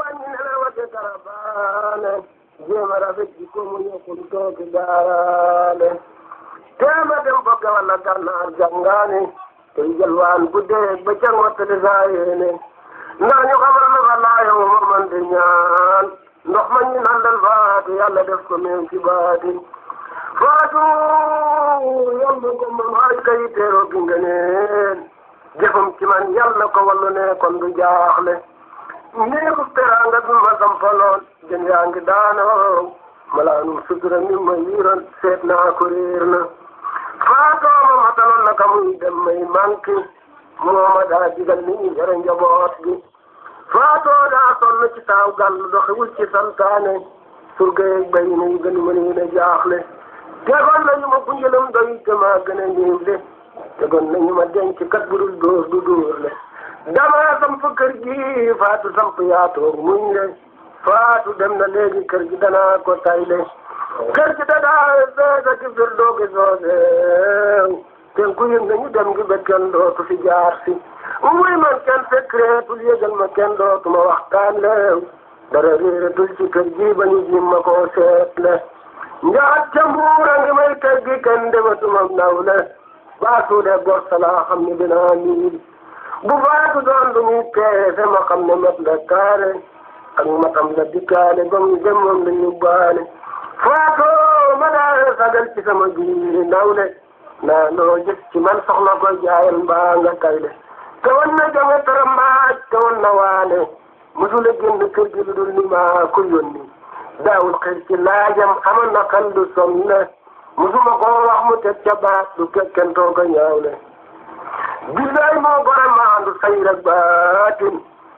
wàññilal wa te karabaale jéem a rafet ji ko mu yokkul toog daaraale jéem a dem bokk wala gànnaar jàngaane te yalwaan bu dee ba ca ngottali saa yéene ndax ñu xamal ma fa laayoo ma man di ñaan ndox ma def ko meew ci baati faatu yàlla ko moom ay kayiteeroo gi man yàlla ko wallu ne kon du jaaxle néegu teraanga bi ma sampaloon jën yaa ngi daanoo malaanum sutura mi ma yiiroon seet naa ko réer na faatooma mataloon na ka muy dem may manqué mooma daa digal ni ñu yore njaboot gi faatoo daa sonn ci taaw gàll doxewul ci santaane surga yeeg na yu gën mën yéen a jaaxle tegoon nañu ma kunjalam doy te maa gën a néew de ma denc kat budul dóor du dóor le dama samp kër gi faatu samp yaa toog muñ le faatu dem na léegi kër gi danaa ko tayle kër gi danaa seesa ci firdoogi sooseew ten ku yëg nañu dem gi ba kenn dootu fi jaar si muy man kenn secretul yëgal ma kenn dootu ma waxtaan leew dara réeratul ci kër ba ñu jim ma koo seetle njaat ca mbuur a ngi may kër gi kenn dematuma naw le baa suulee gor salaa xam ni dinaa niil bu baax doon lu muy teere sama ne mat la taare ak matam la dikkaale ba mu dem moom la ñu baale faatoo ma daa sagal ci sama biiri nawle naa loo gis ci man soxla ko jaayal mbaa tayle te wan na tara mbaaj te wan na waane musula génn kër gi lu dul ni maa ko yónni daawul xir ci laajam amal na xel du som ne musuma koo wax mu teg ca baat du kekkentoo ko ñaaw ne guddaay moo gore maandu sayir ak baatin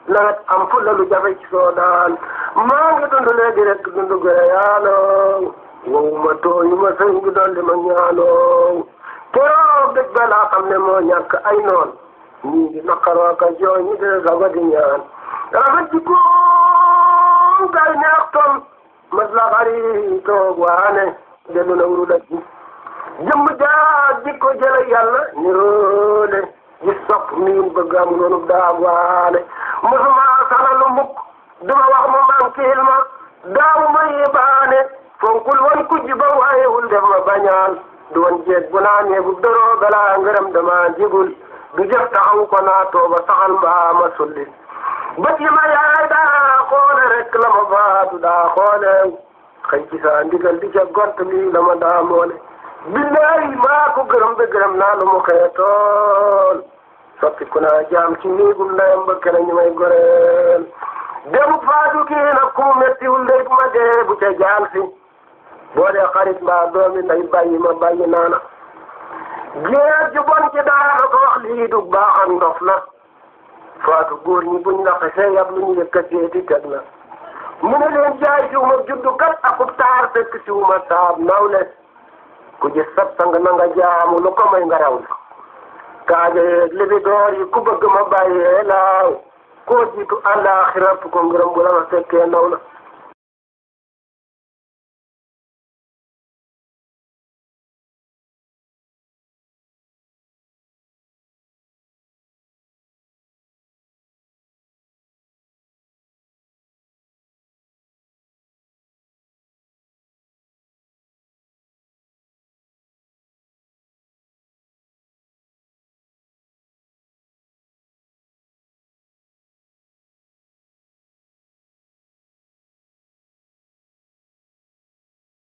na nga am fulla lu jafe ci soo daan maa ngi dund léegi rek dund gore yaaloow wowuma tooyuma sëñ bi ma ñaanoow keroog dëj ba laa ne moo ñàkk ay noon ñii di naqaroo ka jooy ñi di sago di ñaan rafet ci koom gay neex tom mat la xaritoog waane dellu na wuru daj jëmm jaa jikko jële yàlla ni roode miin bëgg am noonu daam waale musuma saralu mukk duma wax mu maam kiil ma daamu ma yébaane fonkul woon kujj ba waayewul def ma bañaan du woon jeeg bu naanee bu doroo balaa ngërëm dama jigul du jëf taxaw ko naa tooba saxal mbaa ma sulli bët yi ma yaay daa xoole rek la ma faatu daa xoole xëy ci saa ndigal di ca gont lii la ma daa moole billaay maa ko gërëm ba gërëm naa lu mu xëyee tool soppi ku naa jaam ci néegum ndeyam ba kene ñu may goreel démb faatu kii nag ku mu méttiwul ndey bu ma dee bu ca jaam si xarit mbaa doomi ma bàyyi naana géer ju bon ci daara lii du baaxam ndof la faatu góor ñi buñ la xesee yab lu ñu yëkkatee di teg la mu ne leen jaay siwuma juddu kat akub taar fekk siwuma saab nawle ku gis sab sang na nga jaamu ko may nga raw kaaje libi door yi ku bëgg ma bàyyee laaw koo jiitu àllaaxira ko ngërëm bu la fekkee ndaw la